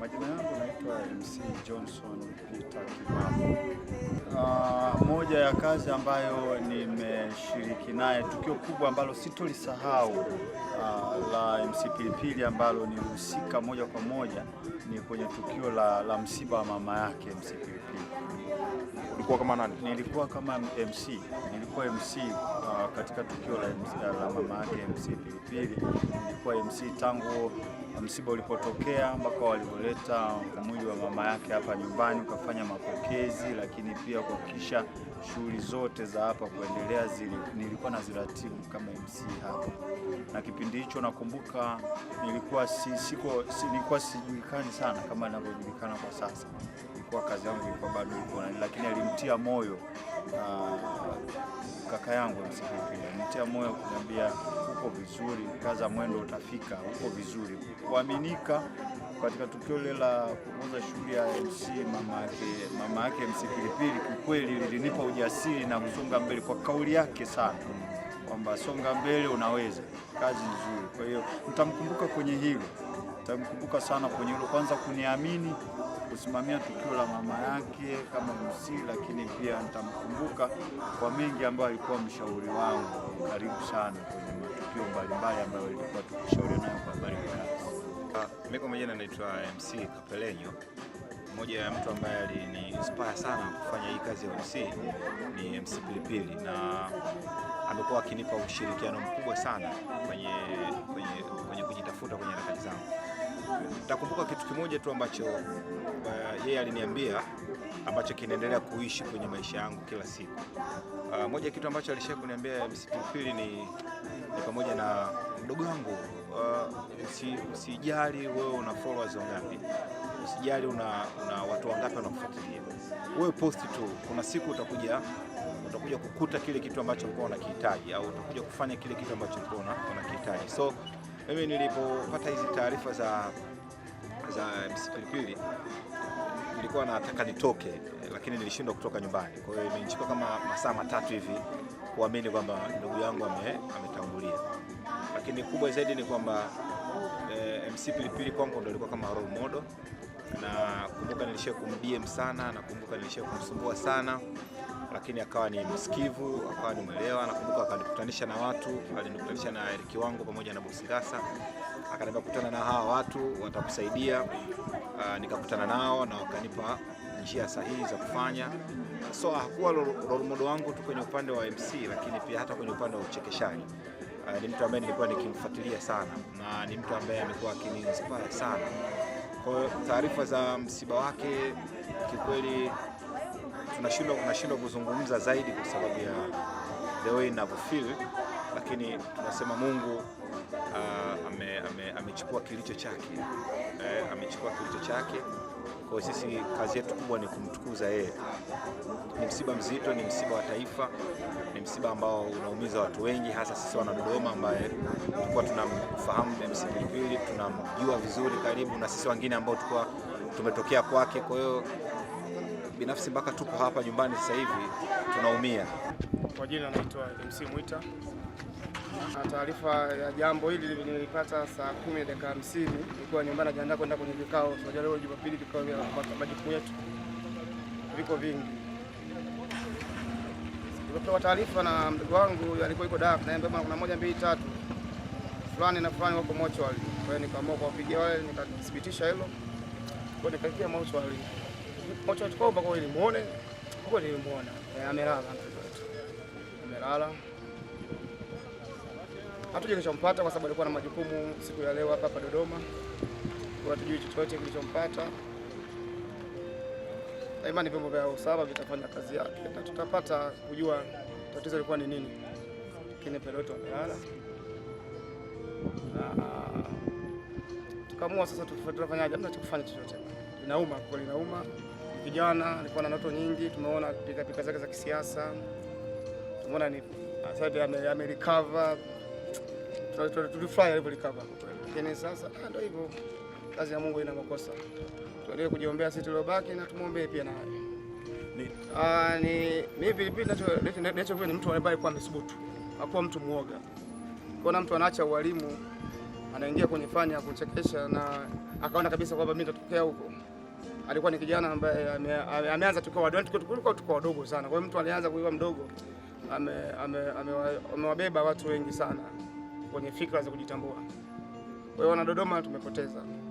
Majina yangu naitwa MC Johnson Peter Kimambo. Uh, ah, moja ya kazi ambayo nimeshiriki naye, tukio kubwa ambalo sitolisahau uh, la MC Pilipili ambalo nilihusika moja kwa moja ni kwenye tukio la, la msiba wa mama yake MC Pilipili. Ulikuwa kama nani? Nilikuwa kama MC, nilikuwa MC uh, katika tukio la, MC, la mama yake MC Pilipili. Nilikuwa MC tangu msiba ulipotokea mpaka walivyoleta mwili wa mama yake hapa nyumbani ukafanya mapokezi, lakini pia kuhakikisha shughuli zote za hapa kuendelea zili, nilikuwa na ziratibu kama MC hapa, na kipindi hicho nakumbuka nilikuwa si, siko si, nilikuwa sijulikani sana kama ninavyojulikana kwa sasa ilikuwa kazi yangu ilikuwa bado iko, lakini alimtia moyo uh, kaka yangu Msikipinda alimtia moyo kuniambia, uko vizuri, kaza mwendo, utafika, uko vizuri. Kuaminika katika tukio lile la kuongoza shughuli ya MC mama yake mama yake MC Pilipili, kiukweli lilinipa ujasiri na kusonga mbele kwa kauli yake sana kwamba songa mbele, unaweza, kazi nzuri. Kwa hiyo nitamkumbuka kwenye hilo, nitamkumbuka sana kwenye hilo, kwanza kuniamini kusimamia tukio la mama yake kama mc lakini pia nitamkumbuka kwa mengi ambayo alikuwa mshauri wangu karibu sana kwenye matukio mbalimbali ambayo alikuwa tukishauriana nayo kwa habari ya kazi. Ah, mimi kwa majina naitwa MC Kapelenyo. Mmoja ya mtu ambaye alini inspire sana kufanya hii kazi ya MC ni MC Pilipili, na amekuwa akinipa ushirikiano mkubwa sana kwenye, kwenye, kwenye kujitafuta kwenye harakati zangu. Nakumbuka kitu kimoja tu ambacho uh, yeye aliniambia ambacho kinaendelea kuishi kwenye maisha yangu kila siku. Uh, moja kitu ambacho alisha kuniambia MC ni, ni pamoja na mdogo wangu uh, usi, wewe una followers wangapi, usijali una, una watu wangapi wanakufuatilia, wewe post tu, kuna siku utakuja utakuja kukuta kile kitu ambacho ulikuwa unakihitaji, au utakuja kufanya kile kitu ambacho ulikuwa unakihitaji so mimi nilipopata hizi taarifa za za MC Pilipili nilikuwa nataka nitoke, lakini nilishindwa kutoka nyumbani. Kwa hiyo imenichukua kama masaa matatu hivi kuamini kwamba ndugu yangu ametangulia, lakini kubwa zaidi ni kwamba e, eh, MC Pilipili kwangu ndo alikuwa kama role model, na kumbuka nilishia kumdm sana, na kumbuka nilishia kumsumbua sana lakini akawa ni msikivu, akawa ni mwelewa. Nakumbuka akanikutanisha na watu, alinikutanisha na Eriki wangu pamoja na Boss Gasa, akaniambia kutana na hawa watu watakusaidia. Ah, nikakutana nao na wakanipa njia sahihi za kufanya. So hakuwa role model wangu tu kwenye upande wa MC, lakini pia hata kwenye upande wa uchekeshaji. Ah, ni mtu ambaye nilikuwa nikimfuatilia sana na ni mtu ambaye amekuwa akiniinspire sana. Kwa hiyo taarifa za msiba wake kikweli tunashindwa unashindwa kuzungumza zaidi kwa sababu ya the way inavyofeel, lakini tunasema Mungu uh, amechukua ame, ame kilicho chake eh, amechukua kilicho chake. Kwa sisi kazi yetu kubwa ni kumtukuza yeye. Ni msiba mzito, ni msiba wa taifa, ni msiba ambao unaumiza watu wengi, hasa sisi wana Dodoma ambaye tulikuwa tunamfahamu MC Pilipili, tunamjua vizuri karibu, na sisi wengine ambao tulikuwa tumetokea kwake. Kwa hiyo binafsi mpaka tuko hapa nyumbani sasa hivi tunaumia. Kwa jina naitwa MC Mwita. na Taarifa ya jambo hili nilipata saa kumi dakika hamsini nilikuwa nyumbani najiandaa kwenda kwenye vikao so, leo Jumapili vikao vya majukumu yetu viko vingi. Nilipewa taarifa na mdogo wangu alikuwa yuko Dar, naambia bwana, kuna moja mbili tatu fulani na fulani wako mochwali. Kwa hiyo nikaamua kuwapigia wale, nikathibitisha hilo, kwa nikafikia mochwali macho kwa ili muone kwa ili muone eh, amelala mtoto wetu amelala, hatuje kwa sababu alikuwa na majukumu siku ya leo hapa hapa Dodoma, kwa tujui chochote kilichompata. Na imani vyombo vya usalama vitafanya kazi yake na tutapata kujua tatizo lilikuwa ni nini. Lakini Peloto amelala amelala tukamua sasa, tutafanyaje? Hamna cha kufanya chochote, inauma kwa linauma kijana, alikuwa na ndoto nyingi, tumeona pikapika zake za kisiasa, tumeona ni ame, ame amerecover, tulifurahi recover, lakini sasa ah, ndio hivyo, kazi ya Mungu ina makosa. Tuendelee kujiombea sisi tuliobaki na tumuombee pia naye. Ni mimi ah, Pilipili nacho ni mtu ambaye alikuwa amesubutu, hakuwa mtu mwoga. Kuna mtu anaacha ualimu anaingia kwenye fani ya kuchekesha na akaona kabisa kwamba mimi nitatokea huko alikuwa ni kijana ambaye ameanza tukiwa wadogo, tulikuwa tuko wadogo sana. Kwa hiyo mtu alianza kuiwa mdogo, amewabeba watu wengi sana kwenye fikra za kujitambua. Kwa hiyo wana Dodoma tumepoteza